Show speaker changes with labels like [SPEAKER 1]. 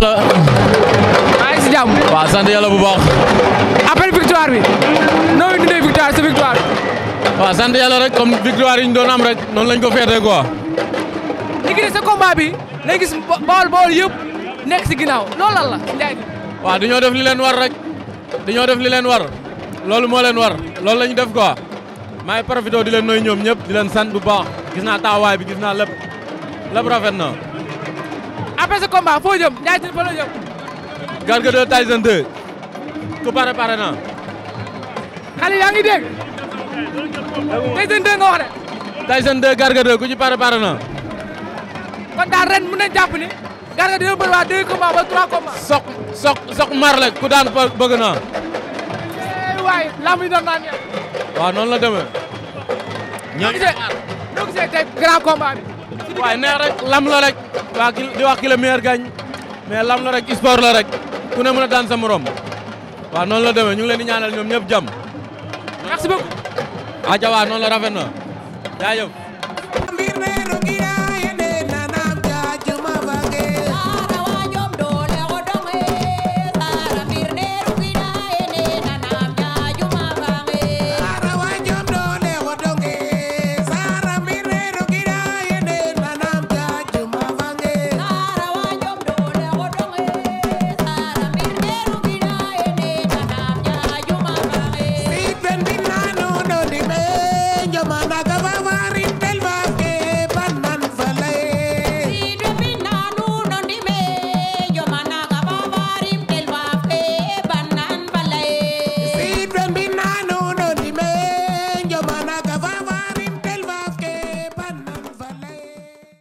[SPEAKER 1] maa ngi si jàmm. waaw sant yàlla bu baax. après victoire bi noo bi victoire sa victoire. sant yàlla rek comme victoire yi ñu doon am rek noonu lañ ko féetee quoi. léegi sa combat bi lañ gis bool yëpp nekk si ginnaaw loolu dañoo def li leen war rek dañoo def li leen war loolu moo leen war loolu la ñu def ko maa ngi profité di leen nuyu ñoom ñëpp di leen sant bu baax gis naa taawaay bi gis naa lépp lépp rafet na. après ce combat foo jëm Ndiaye Tine fa Garga 2 Tyson 2. ku pare pare naa. xale yaa ngi dégg. nga wax de. Tyson Garga 2 ku ci pare pare naa. kon daal ren mën nañu jàpp ni. Garga dina bëri waa deux combats ba trois combats. soq soq soq mar la ku daan bëgg naa. Eh waay lamb yi doon naan yàlla. waaw noonu la demee. ñooñu ñoo gisee tey grand combat bi. waaye neex rek lam la rek waa di wax ki la meilleur gagne mais lam la rek sport la rek ku ne mën a daan sa morom waa noonu la demee ñu leen di ñaanal ñoom ñëpp jàmm. merci beaucoup. ah jaww noonu la rafet na jaajëf.